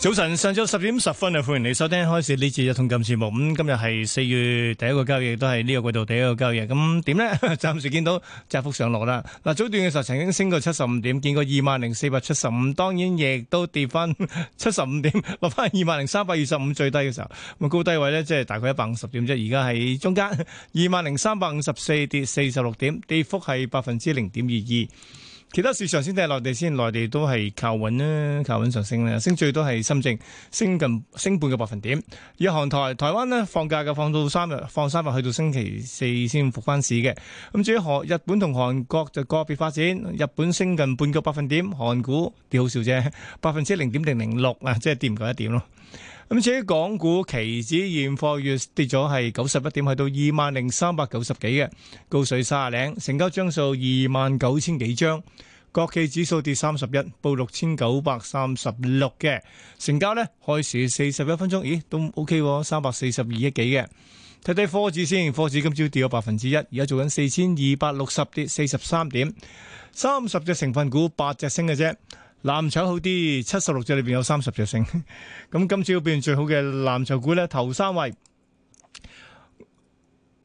早晨，上晝十點十分啊，歡迎你收聽開始呢次嘅通訊節目。咁、嗯、今日係四月第一個交易，都係呢個季度第一個交易。咁、嗯、點呢？暫時見到窄幅上落啦。嗱，早段嘅時候曾經升過七十五點，見過二萬零四百七十五，當然亦都跌翻七十五點，落翻二萬零三百二十五最低嘅時候。咁高低位呢，即係大概一百五十點啫。而家喺中間，二萬零三百五十四跌四十六點，20, 354，跌幅係百分之零點二二。其他市場先睇內地先，內地都係靠穩啦，靠穩上升啦，升最多係深圳，升近升半個百分點。而韓台、台灣呢放假嘅放到三日，放三日去到星期四先復翻市嘅。咁至於韓日本同韓國就個別發展，日本升近半個百分點，韓股跌好少啫，百分之零點零零六啊，即係跌唔夠一點咯。咁至於港股期指現貨月跌咗係九十一點，去到二萬零三百九十幾嘅，高水卅零，成交張數二萬九千幾張。國企指數跌三十一，報六千九百三十六嘅。成交咧，開市四十一分鐘，咦都 ok，三百四十二億幾嘅。睇睇科指先，科指今朝跌咗百分之一，而家做緊四千二百六十，跌四十三點，三十隻成分股八隻升嘅啫。藍籌好啲，七十六隻裏邊有三十隻升，咁今朝表現最好嘅藍籌股咧，頭三位。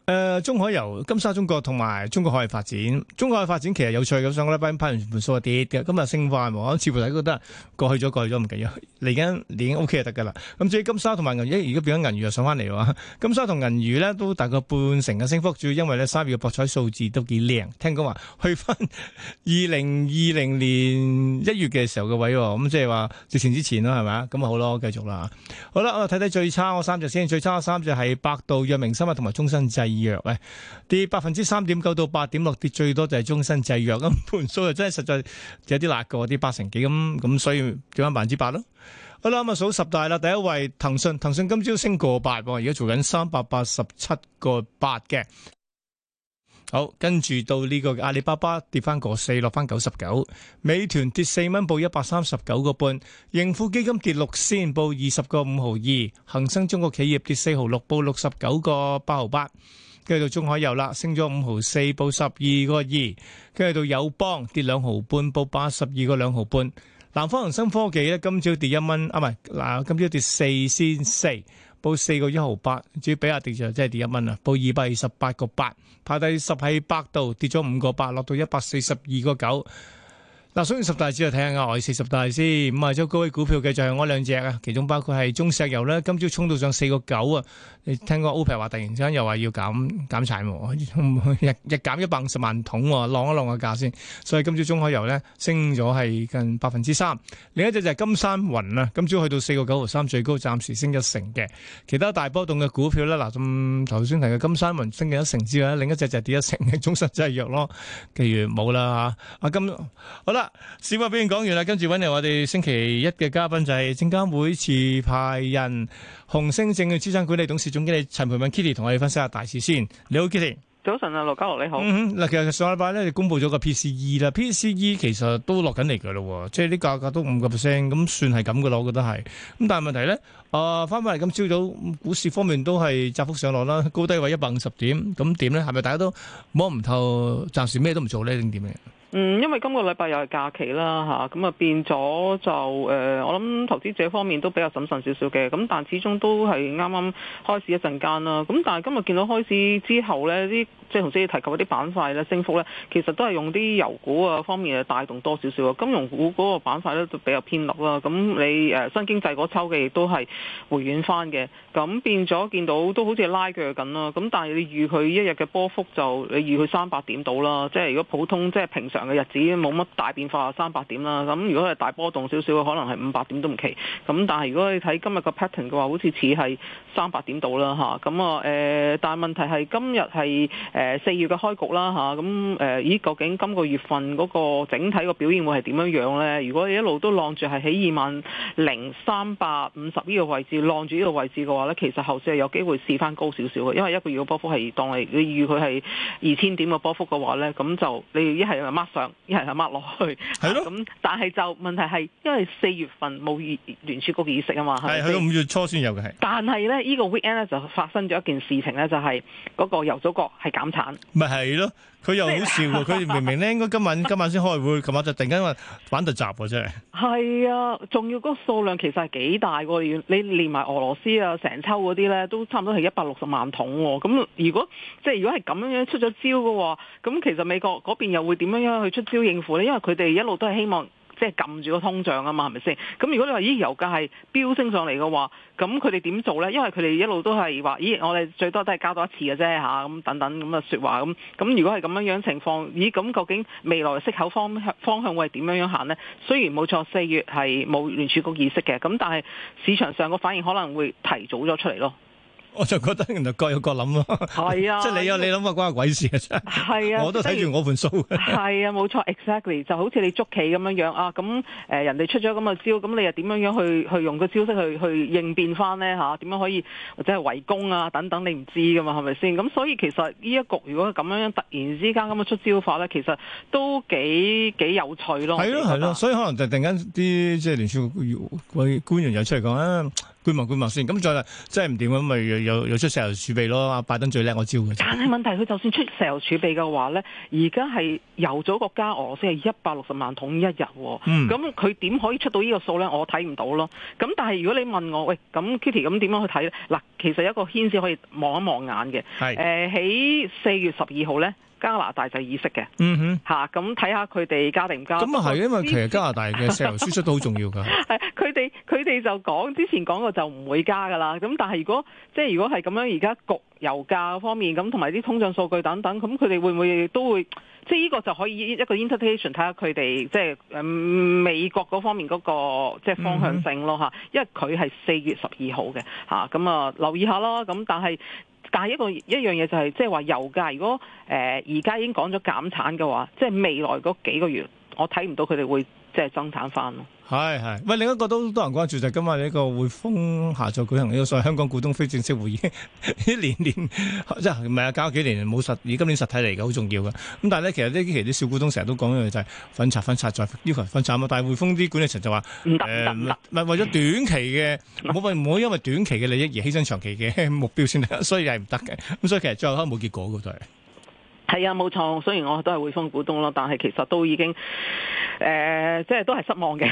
誒、呃，中海油、金沙中國同埋中國海發展，中國海發展其實有趣咁，上個禮拜拍完全部數就跌嘅，今日升翻，似乎大家覺得過去咗過去咗唔緊要，嚟緊已經 O K 就得噶啦。咁至於金沙同埋銀，如果變咗銀魚又上翻嚟啦。金沙同銀魚呢都大概半成嘅升幅，主要因為呢三月嘅博彩數字都幾靚，聽講話去翻二零二零年一月嘅時候嘅位，咁即係話直情之前啦，係咪啊？咁啊好咯，繼續啦。好啦，我睇睇最差嗰三隻先，最差嗰三隻係百度、藥明生物同埋中生製。弱咧，跌百分之三點九到八點六，跌最多就係終身製藥咁，盤數又真係實在有啲辣過，啲八成幾咁，咁所以跌翻百分之八咯。好啦，咁啊數十大啦，第一位騰訊，騰訊今朝升個八，而家做緊三百八十七個八嘅。好，跟住到呢個阿里巴巴跌翻個四，落翻九十九。美團跌四蚊，報一百三十九個半。盈富基金跌六仙，報二十個五毫二。恒生中國企業跌四毫六，報六十九個八毫八。跟住到中海油啦，升咗五毫四，報十二個二。跟住到友邦跌兩毫半，報八十二個兩毫半。南方恒生科技咧、啊，今朝跌一蚊，啊唔係，嗱，今朝跌四先四，報四個一毫八。至於比亞迪就真係跌一蚊啦，報二百二十八個八。排第十喺百度，跌咗五個八，落到一百四十二個九。嗱，所以十大指就睇下外市十大先，咁啊，就高位股票嘅就係我兩隻啊，其中包括係中石油咧，今朝衝到上四個九啊，你聽過 OPEC 話突然之間又話要減減產，日日減一百五十萬桶，晾一晾個價先。所以今朝中海油咧升咗係近百分之三，另一隻就係金山雲啦，今朝去到四個九毫三最高，暫時升一成嘅。其他大波動嘅股票咧，嗱咁頭先提嘅金山雲升咗一成之外，另一隻就跌一成嘅中生製藥係弱咯，其餘冇啦吓。阿金好啦。事話已經講完啦，跟住揾嚟我哋星期一嘅嘉賓就係證監會持牌人鴻升證券資產管理董事總經理陳蓓敏 Kitty 同我哋分析下大市先。你好 Kitty，早晨啊，盧嘉豪你好。嗯哼，嗱，其實上禮拜咧就公布咗個 PCE 啦，PCE 其實都落緊嚟噶咯，即係啲價格都五個 percent，咁算係咁噶咯，我覺得係。咁但係問題咧，啊，翻翻嚟今朝早股市方面都係窄幅上落啦，高低位一百五十點，咁點咧？係咪大家都摸唔透，暫時咩都唔做咧，定點咧？嗯，因為今個禮拜又係假期啦，嚇咁啊就變咗就誒、呃，我諗投資者方面都比較審慎少少嘅。咁但係始終都係啱啱開始一陣間啦。咁但係今日見到開始之後呢，啲即係頭先你提及嗰啲板塊咧升幅咧，其實都係用啲油股啊方面誒帶動多少少，金融股嗰個板塊咧就比較偏綠啦。咁你誒新經濟嗰抽嘅亦都係回軟翻嘅。咁變咗見到都好似拉鋸緊咯。咁但係你預佢一日嘅波幅就你預佢三百點到啦。即係如果普通即係平常。嘅日子冇乜大變化，三百點啦。咁如果係大波動少少可能係五百點都唔奇。咁但係如果你睇今日嘅 pattern 嘅話，好似似係三百點到啦吓，咁啊誒，但係問題係今日係誒四月嘅開局啦，吓咁誒，咦、啊呃、究竟今個月份嗰個整體嘅表現會係點樣樣呢？如果你一路都浪住係喺二萬零三百五十呢個位置浪住呢個位置嘅話呢，其實後市係有機會試翻高少少嘅，因為一個月嘅波幅係當係你預佢係二千點嘅波幅嘅話呢，咁就你一係上一係係抹落去，係咯咁，但係就問題係，因為四月份冇聯聯儲局嘅議息啊嘛，係去到五月初先有嘅係。但係咧，呢個 weekend 咧就發生咗一件事情咧，就係嗰個油組國係減產，咪係咯。佢 又好笑喎！佢明明咧應該今晚今晚先開會，琴晚就突然間玩突襲喎！真係係啊，仲要個數量其實係幾大喎！你連連埋俄羅斯啊，成抽嗰啲呢都差唔多係一百六十萬桶喎、啊！咁如果即係如果係咁樣出咗招嘅話，咁其實美國嗰邊又會點樣樣去出招應付呢？因為佢哋一路都係希望。即係撳住個通脹啊嘛，係咪先？咁如果你話咦油價係飆升上嚟嘅話，咁佢哋點做呢？因為佢哋一路都係話，咦我哋最多都係加多一次嘅啫吓，咁、啊、等等咁嘅說話咁。咁如果係咁樣樣情況，咦咁究竟未來息口方向方向會係點樣行呢？雖然冇錯四月係冇聯儲局意識嘅，咁但係市場上個反應可能會提早咗出嚟咯。我就覺得人哋各有各諗咯，係啊，即 係你有你諗下關我鬼事啊？係 啊，我都睇住我份數。係啊，冇錯，exactly，就好似你捉棋咁樣樣啊。咁、呃、人哋出咗咁嘅招，咁你又點樣樣去去用個招式去去應變翻呢？嚇、啊，點樣可以或者係圍攻啊等等？你唔知㗎嘛，係咪先？咁所以其實呢一局如果咁樣樣突然之間咁樣出招法咧，其實都幾幾有趣咯。係咯係咯，所以可能就突然間啲即係聯署官員又出嚟講啊，觀望觀望先。咁再嚟真係唔掂嘅咪～有出石油儲備咯，拜登最叻我招嘅、就是。但係問題，佢就算出石油儲備嘅話咧，而家係由咗國家俄羅斯係一百六十萬桶一日喎。咁佢點可以出到呢個數咧？我睇唔到咯。咁但係如果你問我，喂、欸，咁 Kitty，咁點樣去睇咧？嗱，其實一個牽線可以望一望眼嘅。係誒，喺、呃、四月十二號咧。加拿大就意識嘅，嗯哼，吓，咁睇下佢哋加定唔加。咁啊係，因為其實加拿大嘅石油輸出都好重要噶。係，佢哋佢哋就講，之前講過就唔會加噶啦。咁但係如果，即係如果係咁樣，而家局油價方面咁，同埋啲通脹數據等等，咁佢哋會唔會都會，即係呢個就可以一個 interpretation 睇下佢哋即係誒美國嗰方面嗰個即係方向性咯吓、嗯。因為佢係四月十二號嘅嚇，咁啊留意下咯。咁但係。但係一個一樣嘢就係、是，即係話油價。如果誒而家已經講咗減產嘅話，即係未來嗰幾個月，我睇唔到佢哋會。即係生產翻咯，係係喂，另一個都好多人關注就係、是、今日呢個匯豐下晝舉行呢、這個所謂香港股東非正式會議，一年年即係唔係啊？搞幾年冇實，而今年實體嚟嘅好重要嘅。咁但係咧，其實呢期啲小股東成日都講一樣嘢就係分拆分拆再要求分拆啊！但係匯豐啲管理層就話唔得唔得，唔係為咗短期嘅，唔好唔好因為短期嘅利益而犧牲長期嘅目標先啦。所以係唔得嘅。咁所以其實最後可能冇結果嘅都係。係啊，冇錯，雖然我都係匯豐股東咯，但係其實都已經誒、呃，即係都係失望嘅，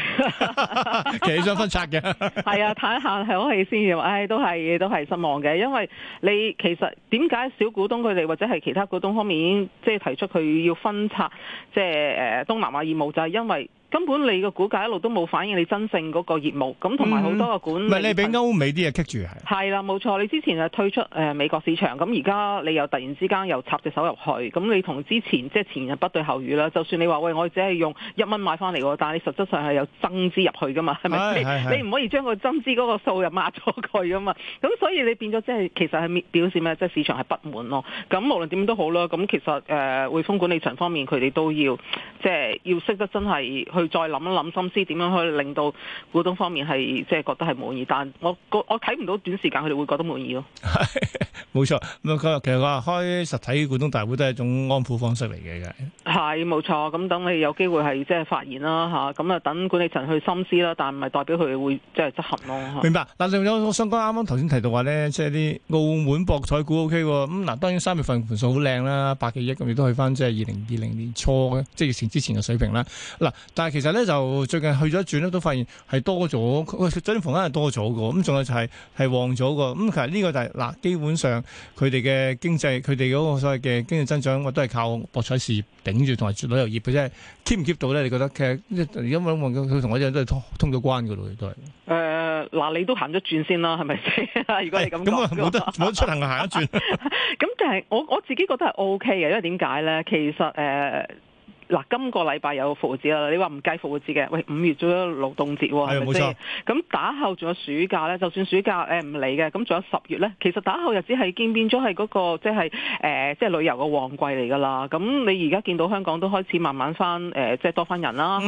其實 想分拆嘅。係 啊，睇下係好戲先嘅，唉、哎，都係都係失望嘅，因為你其實點解小股東佢哋或者係其他股東方面，已經即係提出佢要分拆，即係誒東南亞業務，就係、是、因為。根本你個股價一路都冇反映你真正嗰個業務，咁同埋好多個管理唔係、嗯、你俾歐、no、美啲嘢棘住係。係啦，冇錯。你之前係退出、呃、美國市場，咁而家你又突然之間又插隻手入去，咁你同之前即係前日不對後語啦。就算你話喂，我只係用一蚊買翻嚟喎，但係你實質上係有增資入去噶嘛，係咪、哎？你唔可以將個增資嗰個數又抹咗佢噶嘛？咁所以你變咗即係其實係表示咩？即係市場係不滿咯。咁無論點都好啦。咁其實匯豐、呃、管理層方面，佢哋都要。即係要識得真係去再諗一諗心思點樣去令到股東方面係即係覺得係滿意，但我我睇唔到短時間佢哋會覺得滿意咯。冇 錯咁啊！其實話開實體股東大會都係一種安撫方式嚟嘅，係冇錯。咁等你有機會係即係發言啦嚇，咁啊等管理層去深思啦，但係唔係代表佢會即係執行咯。明白嗱，另外我想講啱啱頭先提到話咧，即係啲澳門博彩股 OK 喎咁嗱，當然三月份盤數好靚啦，百幾億咁，亦都去翻即係二零二零年初即係之前嘅水平啦，嗱，但係其實咧就最近去咗一轉咧，都發現係多咗，總房間係多咗嘅，咁仲有就係、是、係旺咗嘅，咁其實呢個就係、是、嗱，基本上佢哋嘅經濟，佢哋嗰個所謂嘅經濟增長，我都係靠博彩事業頂住，同埋旅遊業嘅啫，keep 唔 keep 到咧？你覺得其實而家我望到佢同我一樣都係通通咗關嘅咯，都係。誒、呃，嗱，你都行咗一轉先啦，係咪先？ 如果你咁講咁我冇得冇 得出行行一轉。咁但係我我自己覺得係 OK 嘅，因為點解咧？其實誒。呃嗱，今個禮拜有復活節啦，你話唔計復活節嘅，喂，五月做咗勞動節喎，係咪先？咁打後仲有暑假咧，就算暑假誒唔嚟嘅，咁仲有十月咧，其實打後日子係已經變咗係嗰個即係誒，即係旅遊嘅旺季嚟㗎啦。咁你而家見到香港都開始慢慢翻誒，即係多翻人啦。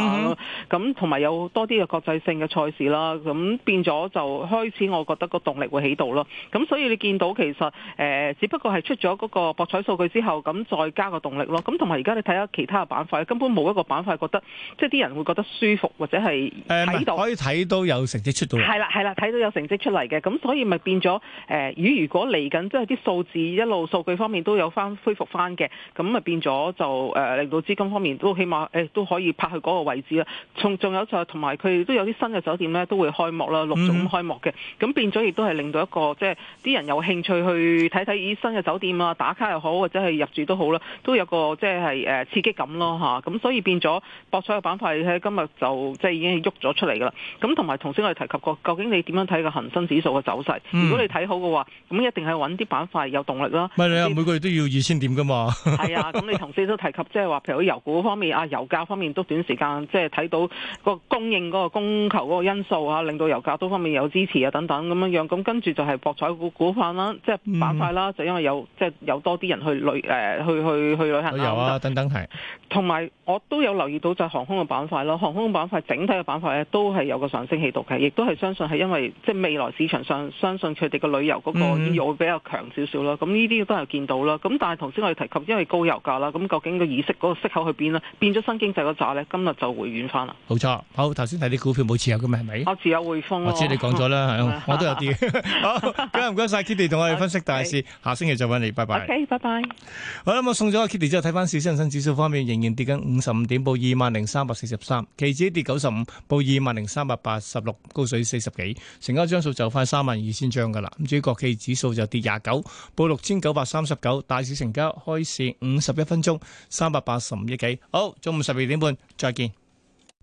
咁同埋有多啲嘅國際性嘅賽事啦，咁變咗就開始，我覺得個動力會起到咯。咁所以你見到其實誒，只不過係出咗嗰個博彩數據之後，咁再加個動力咯。咁同埋而家你睇下其他嘅板根本冇一個板塊覺得，即係啲人會覺得舒服或者係喺度可以睇到有成績出到。係啦，係啦，睇到有成績出嚟嘅，咁所以咪變咗誒、呃？如果嚟緊即係啲數字一路數據方面都有翻恢復翻嘅，咁咪變咗就誒令、呃、到資金方面都起碼誒、欸、都可以拍去嗰個位置啦。仲仲有就同埋佢都有啲新嘅酒店咧，都會開幕啦，陸續開幕嘅，咁、嗯、變咗亦都係令到一個即係啲人有興趣去睇睇新嘅酒店啊，打卡又好或者係入住都好啦，都有個即係誒、呃、刺激感咯。咁、啊、所以變咗博彩嘅板塊喺今日就即係、就是、已經喺喐咗出嚟噶啦。咁同埋，頭先我哋提及過，究竟你點樣睇個恒生指數嘅走勢、嗯？如果你睇好嘅話，咁一定係揾啲板塊有動力啦。咪、嗯、你每個月都要二千點噶嘛。係 啊，咁你同時都提及，即係話譬如油股方面啊，油價方面都短時間即係睇到個供應嗰、那個供求嗰個因素啊，令到油價多方面有支持啊，等等咁樣樣。咁跟住就係博彩股股份啦，即、就、係、是、板塊啦、嗯，就因為有即係、就是、有多啲人去旅誒、呃，去去去旅行啊等等同。同埋我都有留意到就係航空嘅板塊咯，航空嘅板塊整體嘅板塊咧都係有個上升氣度嘅，亦都係相信係因為即係未來市場上相信佢哋嘅旅遊嗰個意會比較強少少啦，咁呢啲都係見到啦。咁但係頭先我哋提及因為高油價啦，咁究竟個意識嗰個息口去邊咧？變咗新經濟嗰扎咧，今日就回軟翻啦。冇錯，好頭先睇啲股票冇持有嘅咪係咪？我持有匯豐、哦。我知你講咗啦，我都有啲。 好，唔該晒，Kitty 同我哋分析大市，okay. 下星期再揾你，拜拜。O K，拜拜。好啦，我、嗯、送咗阿 Kitty 之後，睇翻小新新指數方面仍然。跌緊五十五點，報二萬零三百四十三。期指跌九十五，報二萬零三百八十六，高水四十幾。成交張數就快三萬二千張㗎喇。咁至於國企指數就跌廿九，報六千九百三十九。大市成交開市五十一分鐘，三百八十五億幾。好，中午十二點半再見。